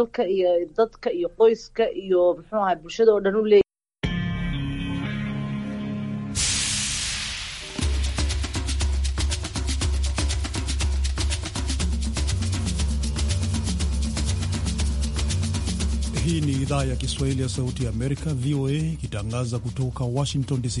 dalka iyo dadka iyo qoyska iyo muxuu ahaa bulshada oo dhan u leeyahay Hii ni idhaa ya Kiswahili ya Sauti ya Amerika, VOA, ikitangaza kutoka Washington DC.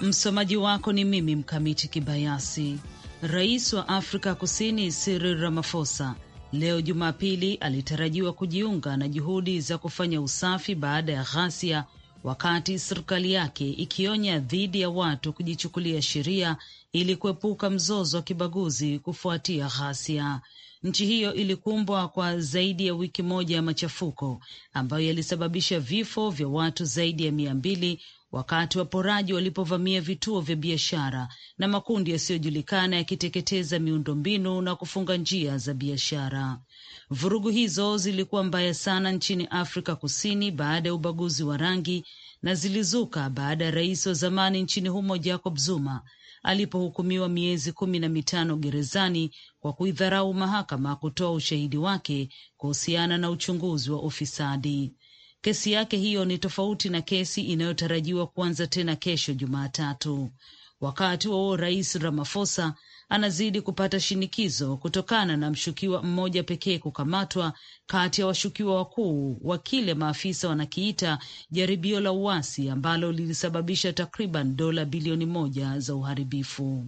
Msomaji wako ni mimi Mkamiti Kibayasi. Rais wa Afrika Kusini Cyril Ramaphosa leo Jumapili alitarajiwa kujiunga na juhudi za kufanya usafi baada ya ghasia, wakati serikali yake ikionya dhidi ya watu kujichukulia sheria ili kuepuka mzozo wa kibaguzi kufuatia ghasia. Nchi hiyo ilikumbwa kwa zaidi ya wiki moja ya machafuko ambayo yalisababisha vifo vya watu zaidi ya mia mbili wakati waporaji walipovamia vituo vya biashara na makundi yasiyojulikana yakiteketeza miundombinu na kufunga njia za biashara. Vurugu hizo zilikuwa mbaya sana nchini Afrika Kusini baada ya ubaguzi wa rangi na zilizuka baada ya rais wa zamani nchini humo Jacob Zuma alipohukumiwa miezi kumi na mitano gerezani kwa kuidharau mahakama kutoa ushahidi wake kuhusiana na uchunguzi wa ufisadi. Kesi yake hiyo ni tofauti na kesi inayotarajiwa kuanza tena kesho Jumatatu. Wakati huo Rais Ramaphosa anazidi kupata shinikizo kutokana na mshukiwa mmoja pekee kukamatwa kati ya washukiwa wakuu wa kile maafisa wanakiita jaribio la uasi ambalo lilisababisha takriban dola bilioni moja za uharibifu.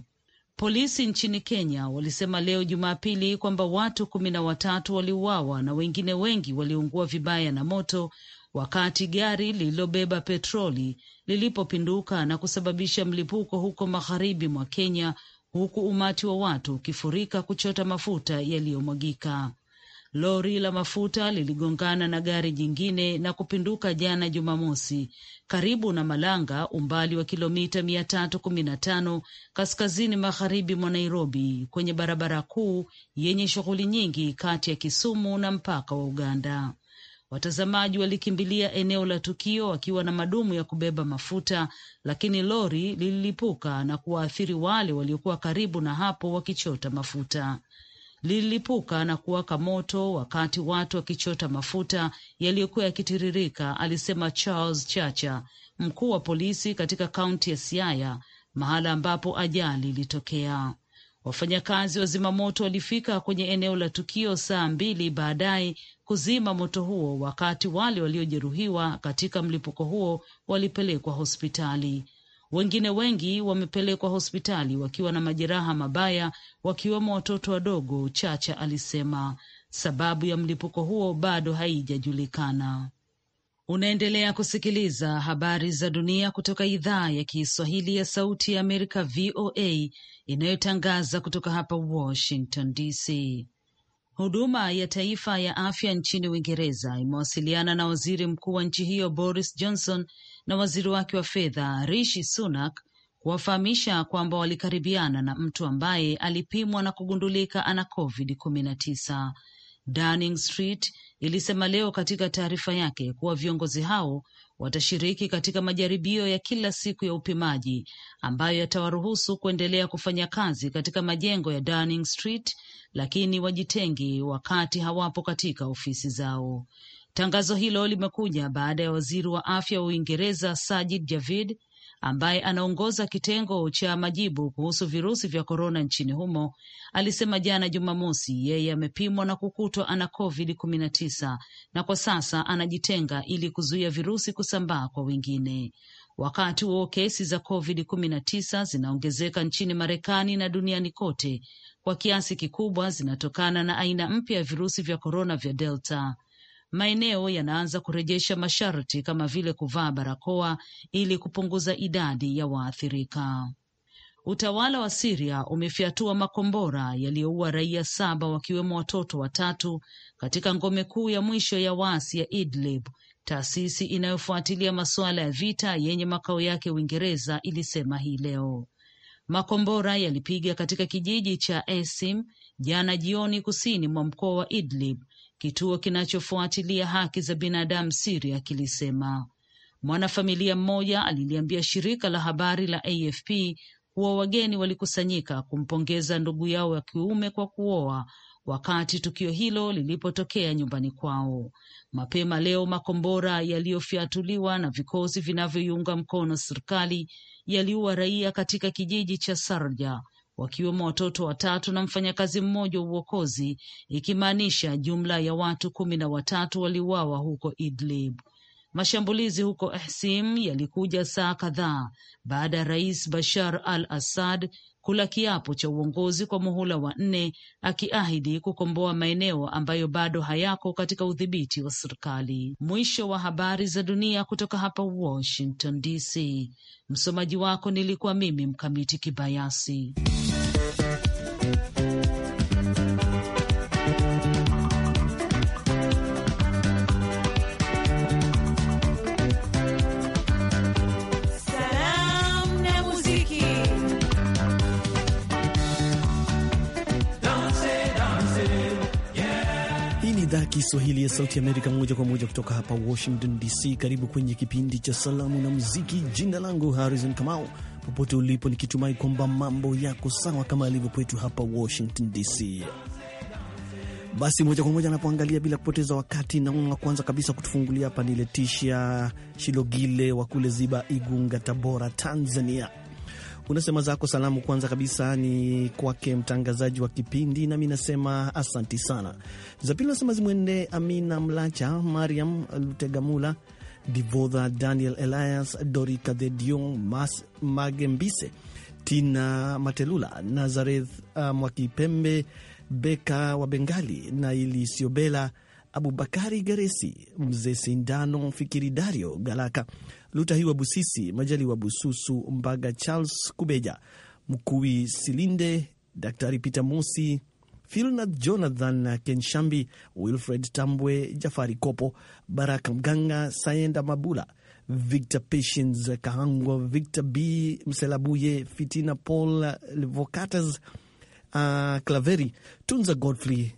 Polisi nchini Kenya walisema leo Jumapili kwamba watu kumi na watatu waliuawa na wengine wengi waliungua vibaya na moto wakati gari lililobeba petroli lilipopinduka na kusababisha mlipuko huko magharibi mwa Kenya, huku umati wa watu ukifurika kuchota mafuta yaliyomwagika. Lori la mafuta liligongana na gari jingine na kupinduka jana Jumamosi karibu na Malanga, umbali wa kilomita mia tatu kumi na tano kaskazini magharibi mwa Nairobi, kwenye barabara kuu yenye shughuli nyingi kati ya Kisumu na mpaka wa Uganda. Watazamaji walikimbilia eneo la tukio wakiwa na madumu ya kubeba mafuta, lakini lori lililipuka na kuwaathiri wale waliokuwa karibu na hapo wakichota mafuta. Lililipuka na kuwaka moto wakati watu wakichota mafuta yaliyokuwa yakitiririka, alisema Charles Chacha, mkuu wa polisi katika kaunti ya Siaya, mahala ambapo ajali ilitokea. Wafanyakazi wa zimamoto walifika kwenye eneo la tukio saa mbili baadaye kuzima moto huo, wakati wale waliojeruhiwa katika mlipuko huo walipelekwa hospitali. Wengine wengi wamepelekwa hospitali wakiwa na majeraha mabaya, wakiwemo watoto wadogo, Chacha alisema. Sababu ya mlipuko huo bado haijajulikana. Unaendelea kusikiliza habari za dunia kutoka idhaa ya Kiswahili ya Sauti ya Amerika, VOA, inayotangaza kutoka hapa Washington DC. Huduma ya Taifa ya Afya nchini Uingereza imewasiliana na waziri mkuu wa nchi hiyo Boris Johnson na waziri wake wa fedha Rishi Sunak kuwafahamisha kwamba walikaribiana na mtu ambaye alipimwa na kugundulika ana COVID 19. Downing Street ilisema leo katika taarifa yake kuwa viongozi hao watashiriki katika majaribio ya kila siku ya upimaji ambayo yatawaruhusu kuendelea kufanya kazi katika majengo ya Downing Street, lakini wajitengi wakati hawapo katika ofisi zao. Tangazo hilo limekuja baada ya waziri wa afya wa Uingereza Sajid Javid ambaye anaongoza kitengo cha majibu kuhusu virusi vya korona nchini humo alisema jana Jumamosi yeye amepimwa na kukutwa ana covid 19 na kwa sasa anajitenga ili kuzuia virusi kusambaa kwa wengine. Wakati huo kesi za covid 19 zinaongezeka nchini Marekani na duniani kote, kwa kiasi kikubwa zinatokana na aina mpya ya virusi vya korona vya Delta maeneo yanaanza kurejesha masharti kama vile kuvaa barakoa ili kupunguza idadi ya waathirika. Utawala wa Siria umefyatua makombora yaliyoua raia saba wakiwemo watoto watatu katika ngome kuu ya mwisho ya waasi ya Idlib. Taasisi inayofuatilia masuala ya vita yenye makao yake Uingereza ilisema hii leo makombora yalipiga katika kijiji cha Esim jana jioni, kusini mwa mkoa wa Idlib Kituo kinachofuatilia haki za binadamu Siria kilisema mwanafamilia mmoja aliliambia shirika la habari la AFP kuwa wageni walikusanyika kumpongeza ndugu yao wa kiume kwa kuoa wakati tukio hilo lilipotokea nyumbani kwao. Mapema leo makombora yaliyofyatuliwa na vikosi vinavyoiunga mkono serikali yaliua raia katika kijiji cha Sarja wakiwemo watoto watatu na mfanyakazi mmoja wa uokozi, ikimaanisha jumla ya watu kumi na watatu waliuawa huko Idlib. Mashambulizi huko Ahsim yalikuja saa kadhaa baada ya rais Bashar al Assad kula kiapo cha uongozi kwa muhula wa nne, akiahidi kukomboa maeneo ambayo bado hayako katika udhibiti wa serikali. Mwisho wa habari za dunia kutoka hapa Washington DC. Msomaji wako nilikuwa mimi Mkamiti Kibayasi. Kiswahili ya Sauti Amerika moja kwa moja kutoka hapa Washington DC. Karibu kwenye kipindi cha salamu na muziki. Jina langu Harrison Kamau, popote ulipo, nikitumai kwamba mambo yako sawa kama alivyo kwetu hapa Washington DC. Basi moja kwa moja anapoangalia bila kupoteza wakati, naona kwanza kabisa kutufungulia hapa ni Shilogile wa kule Ziba, Igunga, Tabora, Tanzania. Unasema zako salamu kwanza kabisa ni kwake mtangazaji wa kipindi, nami nasema asanti sana. Za pili nasema zimwende Amina Mlacha, Mariam Lutegamula, Divodha Daniel Elias, Dorita the Dion, Mas Magembise, Tina Matelula, Nazareth uh, Mwakipembe, Beka wa Bengali, Ili Siobela, Abubakari Garesi, Mzee Sindano, Fikiri Dario Galaka Lutahiwa Busisi, Majaliwa Bususu, Mbaga Charles Kubeja, Mkuwi Silinde, Daktari Peter Mosi, Filnath Jonathan Kenshambi, Wilfred Tambwe, Jafari Kopo, Baraka Mganga, Sayenda Mabula, Victor patiens Kahangwa, Victor B Mselabuye, Fitina Paul Levocatas, uh, Claveri Tunza Godfrey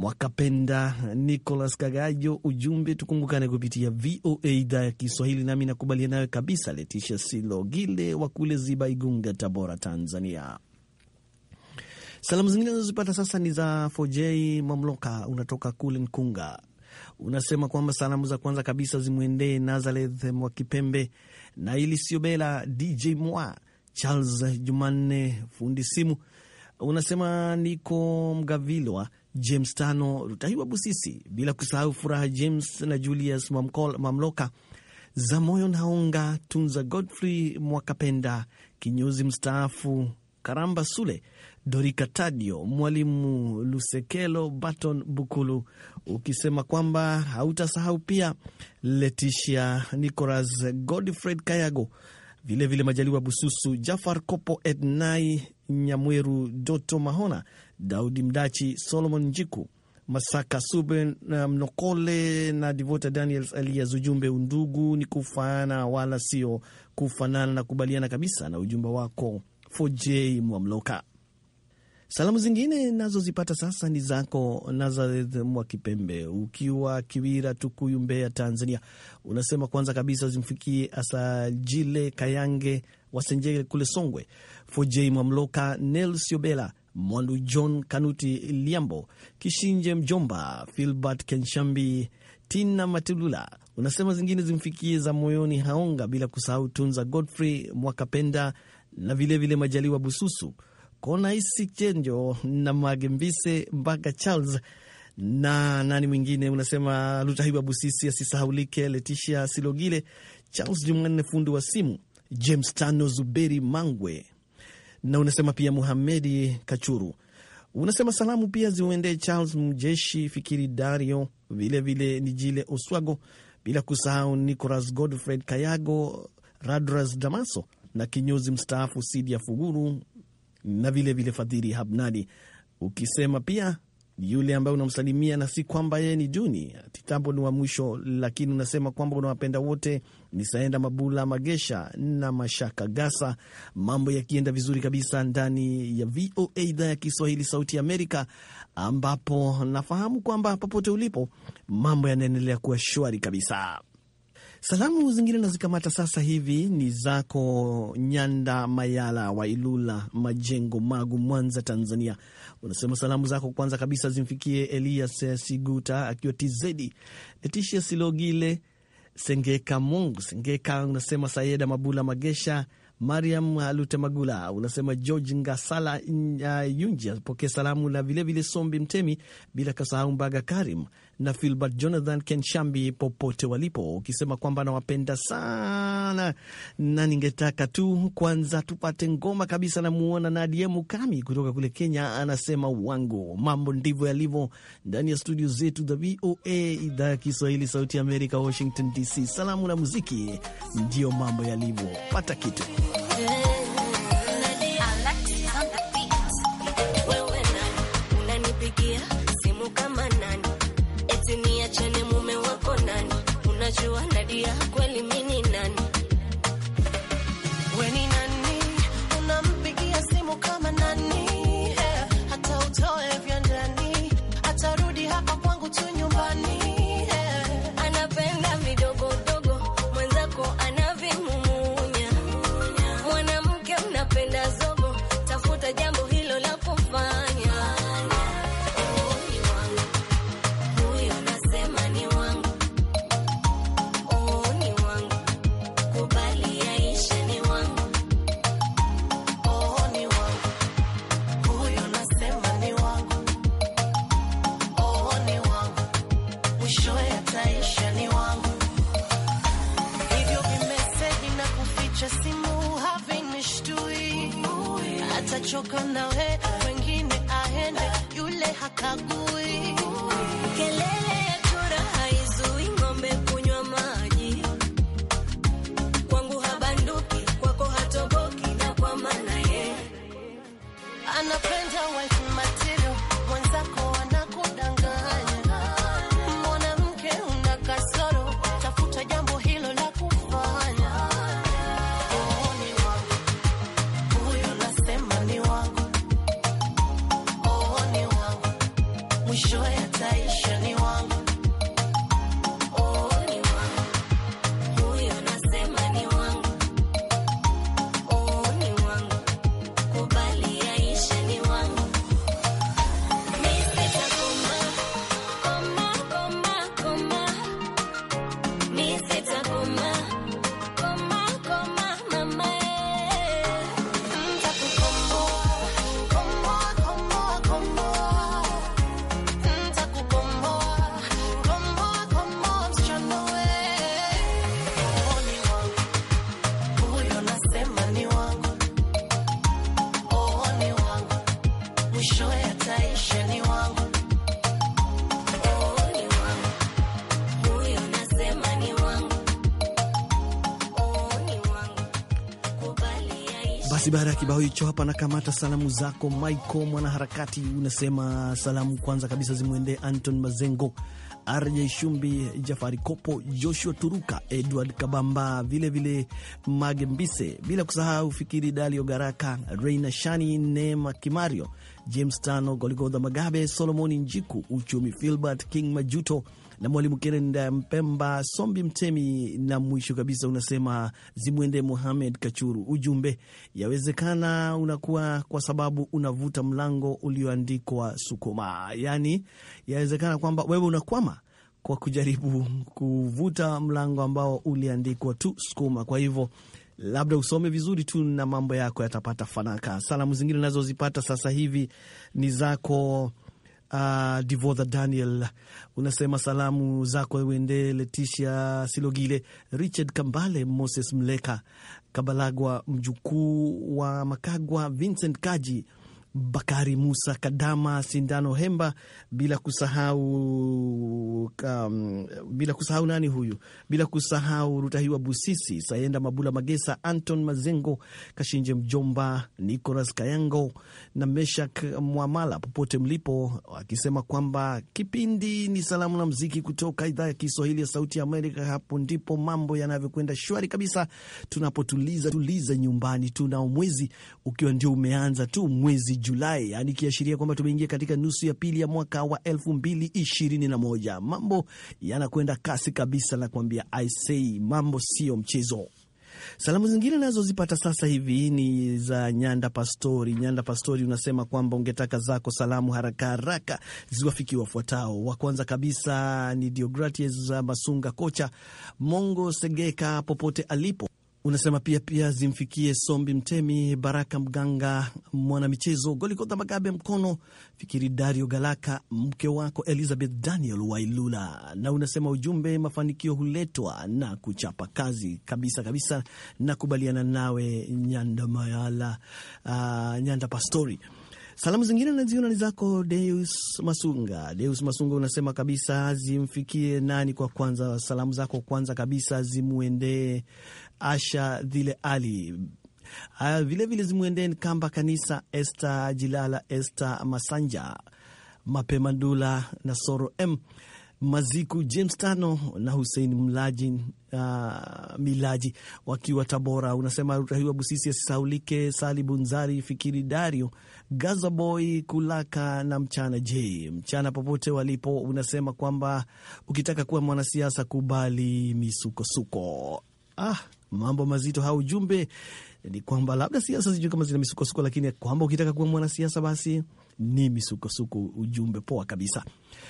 Mwakapenda Nicolas Kagajo, ujumbe tukumbukane kupitia VOA idhaa ya Kiswahili. Nami nakubalia nawe kabisa, Letisha Gile wa kule Ziba, Igunga, Tabora, Tanzania. Salamu zingine nazozipata sasa ni za Fojei Mamloka, unatoka kule Nkunga. Unasema kwamba salamu za kwanza kabisa zimwendee Nazareth Mwakipembe na ili Siobela, DJ Mwa, Charles Jumanne fundi simu. Unasema niko Mgavilwa James Tano Rutahiwa Busisi, bila kusahau Furaha James na Julius Mamkol, Mamloka za moyo Naonga, Tunza Godfrey Mwakapenda, kinyozi mstaafu Karamba Sule, Dorika Tadio, Mwalimu Lusekelo, Baton Bukulu, ukisema kwamba hautasahau pia Leticia Nicolas, Godfred Kayago, vilevile Majaliwa Bususu, Jafar Kopo, Ednai Nyamweru, Doto Mahona Daudi Mdachi, Solomon Njiku, Masaka na Mnokole na Divota Daniels Elias. Ujumbe, undugu ni kufaana wala sio kufanana. na kubaliana kabisa na ujumbe wako FJ Mwamloka. Salamu zingine nazozipata sasa ni zako Nazareth Mwakipembe, ukiwa Kiwira, Tukuyu, Mbeya, Tanzania. Unasema kwanza kabisa zimfikie Asajile Kayange Wasenjele kule Songwe, FJ Mwamloka, Nels Yobela Mwandu John Kanuti Liambo, Kishinje Mjomba, Filbert Kenshambi, Tina Matulula. Unasema zingine zimfikie za moyoni Haonga, bila kusahau Tunza Godfrey Mwakapenda na vilevile vile Majaliwa Bususu, Konaisi Chenjo na Magembise Mbaga Charles na nani mwingine unasema Lutahiwa Busisi asisahaulike, Leticia Silogile, Charles Jumanne fundi wa simu, James Tano, Zuberi Mangwe, na unasema pia Muhamedi Kachuru unasema salamu pia ziuendee Charles Mjeshi, Fikiri Dario, vilevile Nijile Oswago, bila kusahau Nicolas Godfred Kayago, Radras Damaso na kinyozi mstaafu Sidia Fuguru na vilevile fadhiri Habnadi, ukisema pia ni yule ambaye unamsalimia na si kwamba yeye ni duni. Titambo ni wa mwisho, lakini unasema kwamba unawapenda wote. Ni Saenda Mabula Magesha na Mashaka Gasa, mambo yakienda vizuri kabisa ndani ya VOA idhaa ya Kiswahili Sauti ya Amerika, ambapo nafahamu kwamba popote ulipo mambo yanaendelea kuwa shwari kabisa. Salamu zingine nazikamata sasa hivi ni zako Nyanda Mayala wa Ilula Majengo, Magu, Mwanza, Tanzania. Unasema salamu zako kwanza kabisa zimfikie Elias Siguta akiwa Tizedi, Letishia Silogile Sengeka Mungu Sengeka, unasema Sayeda Mabula Magesha, Mariam Alute Magula, unasema George Ngasala uh, Yunji apokee salamu na vilevile Sombi Mtemi, bila kasahau Mbaga Karim na Filbert Jonathan Kenshambi popote walipo, ukisema kwamba nawapenda sana na ningetaka tu kwanza tupate ngoma kabisa. Namuona Nadia Mukami kutoka kule Kenya, anasema wangu mambo ndivyo yalivyo ndani ya studio zetu za VOA idhaa ya Kiswahili sauti ya Amerika, Washington DC. Salamu na muziki ndiyo mambo yalivyo, pata kitu Basi baada ya kibao hicho hapa, nakamata salamu zako Michael mwanaharakati. Unasema salamu kwanza kabisa zimwendee Anton Mazengo, RJ Shumbi, Jafari Kopo, Joshua Turuka, Edward Kabamba, vilevile Magembise, bila kusahau Fikiri Dalio Garaka, Reina Shani, Neema Kimario, James Tano, Goligodha Magabe, Solomoni Njiku, Uchumi Filbert King Majuto na Mwalimu Kerenda Mpemba Sombi Mtemi, na mwisho kabisa unasema zimwende Muhamed Kachuru. Ujumbe yawezekana unakuwa kwa sababu unavuta mlango ulioandikwa sukuma, yaani yawezekana kwamba wewe unakwama kwa kujaribu kuvuta mlango ambao uliandikwa tu sukuma. Kwa hivyo labda usome vizuri tu na mambo yako yatapata fanaka. Salamu zingine nazozipata sasa hivi ni zako Uh, ah, Divodha Daniel unasema salamu zako wende Leticia Silogile, Richard Kambale, Moses Mleka Kabalagwa, mjukuu wa Makagwa, Vincent Kaji Bakari Musa Kadama, Sindano Hemba, bila kusahau um, bila kusahau nani huyu, bila kusahau Rutahiwa Busisi, Sayenda Mabula Magesa, Anton Mazengo, Kashinje Mjomba, Nicolas Kayango na Meshak Mwamala, popote mlipo, akisema kwamba kipindi ni salamu na mziki kutoka idhaa ya Kiswahili ya Sauti ya Amerika. Hapo ndipo mambo yanavyokwenda shwari kabisa, tunapotuliza tuliza nyumbani tu, nao mwezi ukiwa ndio umeanza tu mwezi Julai, yaani ikiashiria kwamba tumeingia katika nusu ya pili ya mwaka wa 2021. Mambo yanakwenda kasi kabisa na kuambia say mambo sio mchezo. Salamu zingine nazozipata sasa hivi ni za Nyanda Pastori. Nyanda Pastori unasema kwamba ungetaka zako salamu haraka haraka ziwafikie wafuatao. Wa kwanza kabisa ni Diogratius Masunga, kocha Mongo Segeka popote alipo Unasema pia pia zimfikie Sombi Mtemi, Baraka Mganga, mwanamichezo Goligota Magabe Mkono, Fikiri Dario Galaka, mke wako Elizabeth Daniel Wailula, na unasema ujumbe, mafanikio huletwa na kuchapa kazi. Kabisa kabisa, nakubaliana nawe Nyanda Mayala, uh, Nyanda Pastori. Salamu zingine naziona ni zako Deus Masunga. Deus Masunga unasema kabisa zimfikie nani kwa kwanza? Salamu zako kwanza kabisa zimuendee Asha Dhile Ali. Vilevile zimwendee Nkamba Kanisa, Esta Jilala, Esta Masanja, Mapema Ndula na Soro M Maziku, James Tano na Hussein Mlaji, uh, Milaji wakiwa Tabora. Unasema Rutahiwa Busisi asisaulike, Sali Bunzari, Fikiri Dario, Gazaboy Kulaka na Mchana J Mchana popote walipo. Unasema kwamba ukitaka kuwa mwanasiasa kubali misukosuko. Ah, mambo mazito. ha ujumbe ni kwamba labda siasa sijui kama zina misukosuko, lakini kwamba ukitaka kuwa mwanasiasa basi ni misukosuko. Ujumbe poa kabisa.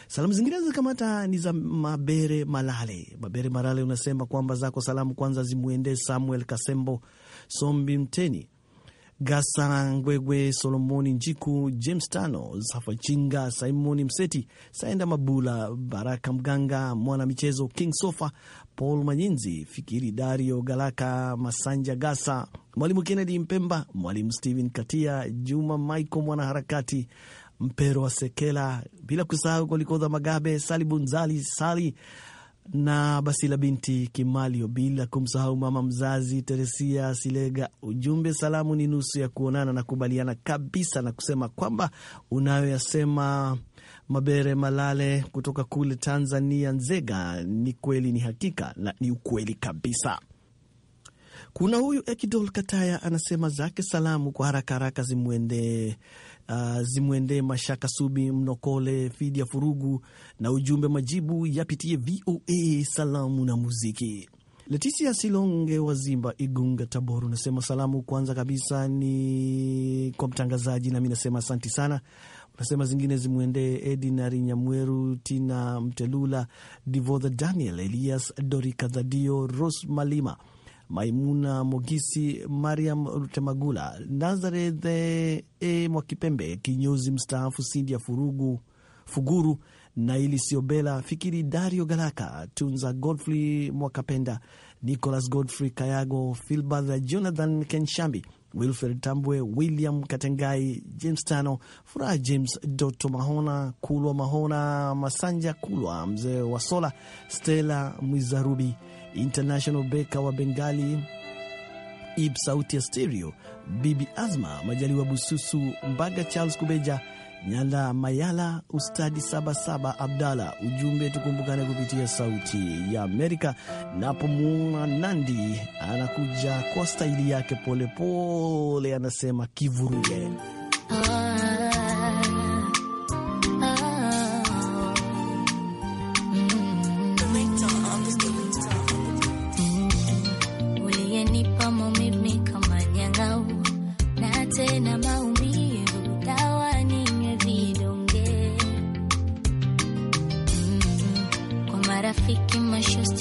Salamu zingine zikamata ni za Mabere Malale. Mabere Malale unasema kwamba zako salamu kwanza zimwendee Samuel Kasembo Sombi Mteni ngwegwe Solomoni Njiku, James Tano, Safa Chinga, Simoni Mseti, Saenda Mabula, Baraka Mganga, mwana michezo King Sofa, Paul Manyinzi, Fikiri Dario, Galaka Masanja Gasa, Mwalimu Kennedy Mpemba, Mwalimu stephen Katia, Juma Maiko, mwanaharakati Mpero wa Sekela, bila kusahau Kolikoza Magabe, Sali Bunzali, Sali na basi la binti Kimalio, bila kumsahau mama mzazi Teresia Silega. Ujumbe salamu ni nusu ya kuonana, na kubaliana kabisa na kusema kwamba unayoyasema Mabere Malale kutoka kule Tanzania, Nzega, ni kweli, ni hakika na ni ukweli kabisa. Kuna huyu Ekidol Kataya anasema zake salamu kwa haraka haraka zimwendee uh, zimwendee Mashaka Subi Mnokole, Fidia Furugu na ujumbe, majibu yapitie VOA salamu na muziki. Leticia Silonge wa Zimba, Igunga, Tabora, unasema salamu kwanza kabisa ni kwa mtangazaji, nami nasema asanti sana. Unasema zingine zimwendee Edinari Nyamweru, Tina Mtelula, Divodha Daniel, Elias dorikadhadio Ros Malima Maimuna Mogisi, Mariam Rutemagula, Nazareth e Mwakipembe, kinyozi mstaafu Sindia Furugu Fuguru, Naili Siobela, Fikiri Dario Galaka, Tunza Godfrey Mwakapenda, Nicholas Godfrey Kayago, filbatha Jonathan Kenshambi, Wilfred Tambwe, William Katengai, James Tano, Furaha James, Doto Mahona, Kulwa Mahona, Masanja Kulwa, Mzee Wasola, Stella Mwizarubi International Beka wa Bengali, Ib Sauti ya Stereo, Bibi Azma Majaliwa, Bususu Mbaga, Charles Kubeja, Nyala Mayala, Ustadi Sabasaba Abdala. Ujumbe, tukumbukane kupitia Sauti ya Amerika. Napomwona Nandi anakuja kwa staili yake polepole, anasema kivuruge. Ah. на счастье.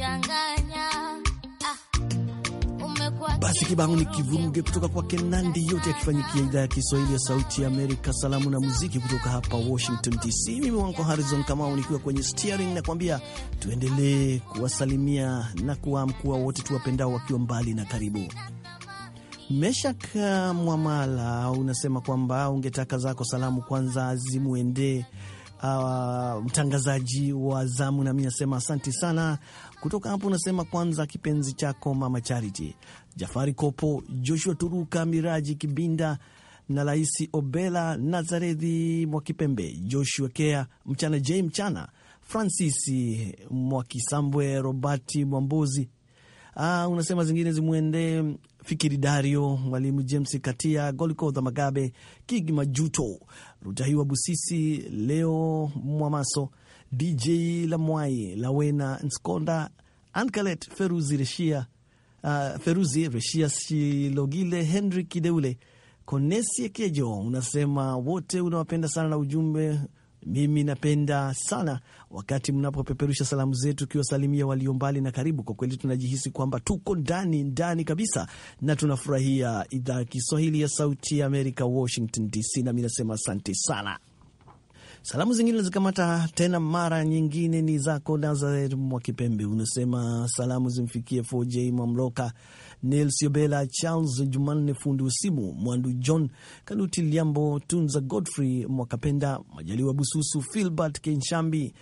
Ah, Basi kibao ni kivuruge kutoka kwake Nandi, yote yakifanyikia idhaa ya Kiswahili ya Sauti ya Amerika. Salamu na muziki kutoka hapa Washington DC. Mimi wangu Harizon Kamau nikiwa kwenye steering, nakwambia tuendelee kuwasalimia na kuwaamkua wote tuwapendao wakiwa mbali na karibu. Meshak uh, Mwamala unasema kwamba ungetaka zako salamu kwanza zimwendee Uh, mtangazaji wa zamu, nami nasema asanti sana kutoka hapo unasema kwanza kipenzi chako Mama Charity, Jafari Kopo, Joshua Turuka, Miraji Kibinda na raisi Obela, Nazarethi Mwakipembe, Joshua Kea, Mchana J Mchana, Francis Mwakisambwe, Robati Mwambozi. Aa, ah, unasema zingine zimwendee Fikiri Dario, Mwalimu James Katia, Golikodha Magabe, Kigi Majuto, Rutahiwa Busisi, Leo Mwamaso DJ Lamwai, Lawena Nskonda, Ankalet Feruzi Reshia, uh, Feruzi Reshia Shilogile, Henry Kideule, Konesie Kejo. Unasema wote unawapenda sana na ujumbe mimi napenda sana wakati mnapopeperusha salamu zetu, ukiwasalimia walio mbali na karibu. Kwa kweli tunajihisi kwamba tuko ndani ndani kabisa, na tunafurahia idhaa ya Kiswahili ya Sauti ya Amerika, Washington DC. Nami nasema asante sana. Salamu zingine zikamata tena mara nyingine ni zako mwa Mwakipembe, unasema salamu zimfikie FJ Mamloka, Nels Yobela, Charles Jumanne Fundi Usimu, Mwandu John kanuti Liambo Tunza, Godfrey Mwakapenda, Majaliwa Bususu, Filbert Kenshambi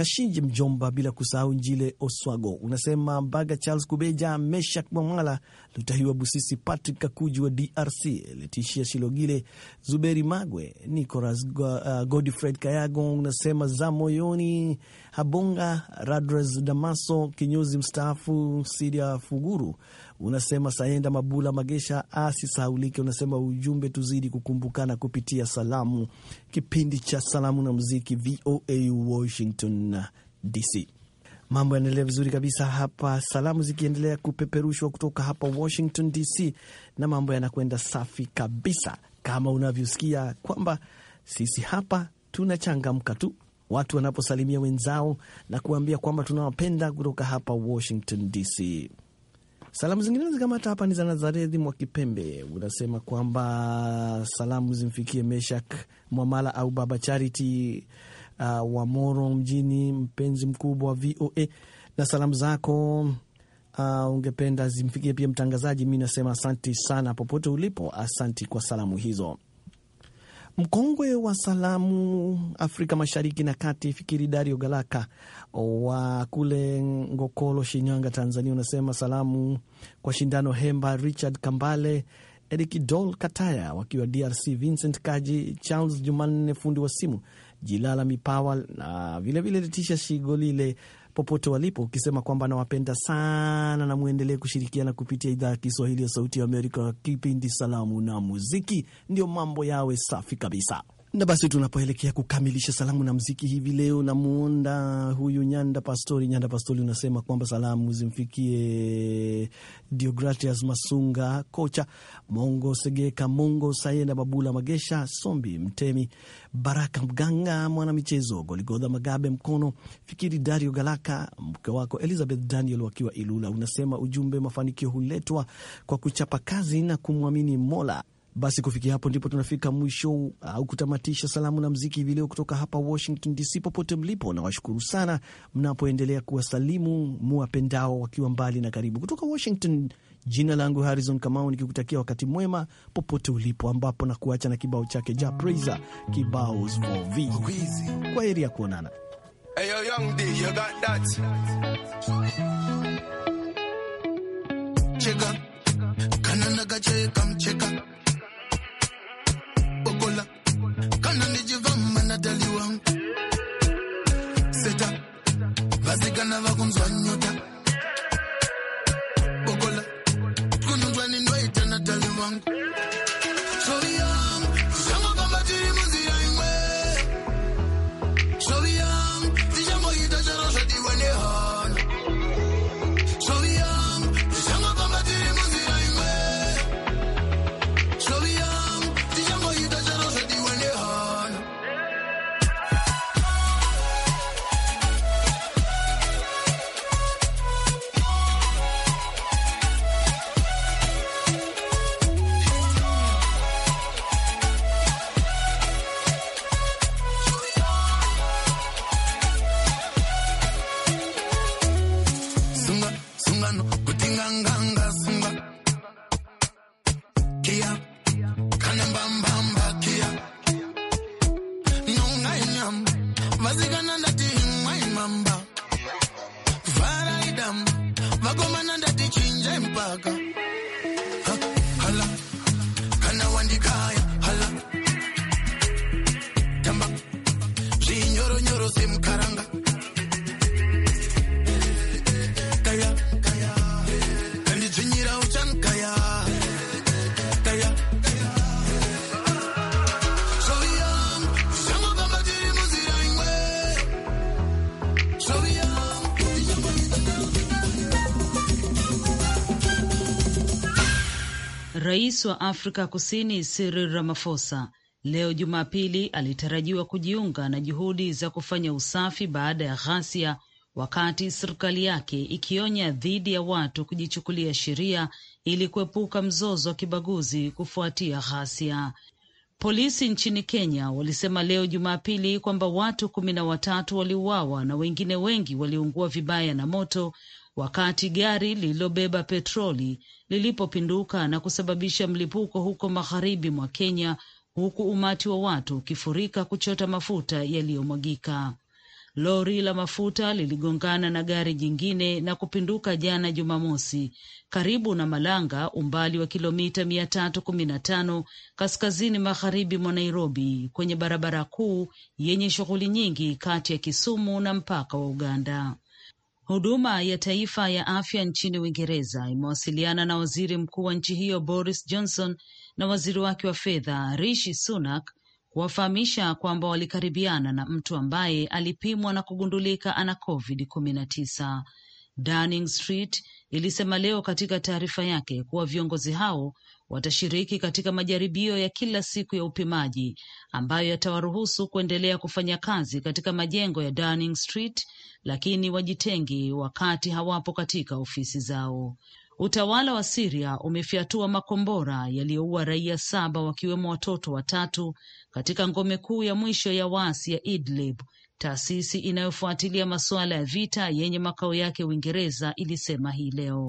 Kashinji Mjomba, bila kusahau Njile Oswago. Unasema Mbaga Charles Kubeja, Meshak Mwamwala, Lutahiwa Busisi, Patrick Kakuji wa DRC, Letishia Shilogile, Zuberi Magwe, Nicolas uh, Godfred Kayago. Unasema za moyoni Habonga Radras Damaso kinyozi mstaafu, Sidia Fuguru Unasema Saenda Mabula Magesha, asisahaulike. Ah, Unasema ujumbe, tuzidi kukumbukana kupitia salamu, kipindi cha salamu na muziki, VOA Washington DC. Mambo yanaendelea vizuri kabisa hapa, salamu zikiendelea kupeperushwa kutoka hapa Washington DC, na mambo yanakwenda safi kabisa, kama unavyosikia kwamba sisi hapa tunachangamka tu watu wanaposalimia wenzao na kuambia kwamba tunawapenda kutoka hapa Washington DC. Salamu zingine zikamata hapa ni za Nazarethi mwa Kipembe, unasema kwamba salamu zimfikie Meshak Mwamala au Baba Charity uh, wa Moro mjini, mpenzi mkubwa wa VOA, na salamu zako Uh, ungependa zimfikie pia mtangazaji. Mi nasema asanti sana popote ulipo, asanti kwa salamu hizo. Mkongwe wa salamu Afrika Mashariki na Kati, Fikiri Dario Galaka wa kule Ngokolo, Shinyanga, Tanzania, unasema salamu kwa Shindano Hemba, Richard Kambale, Eric Dol Kataya wakiwa DRC, Vincent Kaji, Charles Jumanne fundi wa simu, Jilala Mipawa na vilevile Letisha Shigolile popote walipo, ukisema kwamba nawapenda sana na mwendelee kushirikiana kupitia idhaa ya Kiswahili ya Sauti ya Amerika, kipindi Salamu na Muziki. Ndio mambo yawe safi kabisa na basi tunapoelekea kukamilisha salamu na mziki hivi leo, namuonda huyu Nyanda Pastori. Nyanda Pastori, unasema kwamba salamu zimfikie Diogratias Masunga, kocha Mongo Segeka, Mongo Sayenda, Babula Magesha, Sombi Mtemi, Baraka Mganga, mwanamichezo Goligodha Magabe Mkono, Fikiri Dario Galaka, mke wako Elizabeth Daniel wakiwa Ilula. Unasema ujumbe, mafanikio huletwa kwa kuchapa kazi na kumwamini Mola. Basi kufikia hapo ndipo tunafika mwisho uh, au kutamatisha salamu na mziki hivi leo kutoka hapa Washington DC. Popote mlipo, na washukuru sana mnapoendelea kuwasalimu muwapendao wakiwa mbali na karibu. Kutoka Washington, jina langu Harrison Kamau, nikikutakia wakati mwema popote ulipo, ambapo na kuacha na kibao chake Ja Praiser, kibao v Kwa heri ya kuonana. Hey, yo, young D, you got that. ganaba con sueño, te Rais wa Afrika Kusini Cyril Ramaphosa leo Jumapili alitarajiwa kujiunga na juhudi za kufanya usafi baada ya ghasia, wakati serikali yake ikionya dhidi ya watu kujichukulia sheria ili kuepuka mzozo wa kibaguzi kufuatia ghasia. Polisi nchini Kenya walisema leo Jumapili kwamba watu kumi na watatu waliuawa na wengine wengi waliungua vibaya na moto wakati gari lililobeba petroli lilipopinduka na kusababisha mlipuko huko magharibi mwa Kenya, huku umati wa watu ukifurika kuchota mafuta yaliyomwagika. Lori la mafuta liligongana na gari jingine na kupinduka jana Jumamosi karibu na Malanga, umbali wa kilomita mia tatu kumi na tano kaskazini magharibi mwa Nairobi, kwenye barabara kuu yenye shughuli nyingi kati ya Kisumu na mpaka wa Uganda. Huduma ya Taifa ya Afya nchini Uingereza imewasiliana na waziri mkuu wa nchi hiyo Boris Johnson na waziri wake wa fedha Rishi Sunak kuwafahamisha kwamba walikaribiana na mtu ambaye alipimwa na kugundulika ana COVID 19. Downing Street ilisema leo katika taarifa yake kuwa viongozi hao watashiriki katika majaribio ya kila siku ya upimaji ambayo yatawaruhusu kuendelea kufanya kazi katika majengo ya Downing Street, lakini wajitengi wakati hawapo katika ofisi zao. Utawala wa Siria umefyatua makombora yaliyoua raia saba wakiwemo watoto watatu katika ngome kuu ya mwisho ya waasi ya Idlib. Taasisi inayofuatilia masuala ya vita yenye makao yake Uingereza ilisema hii leo.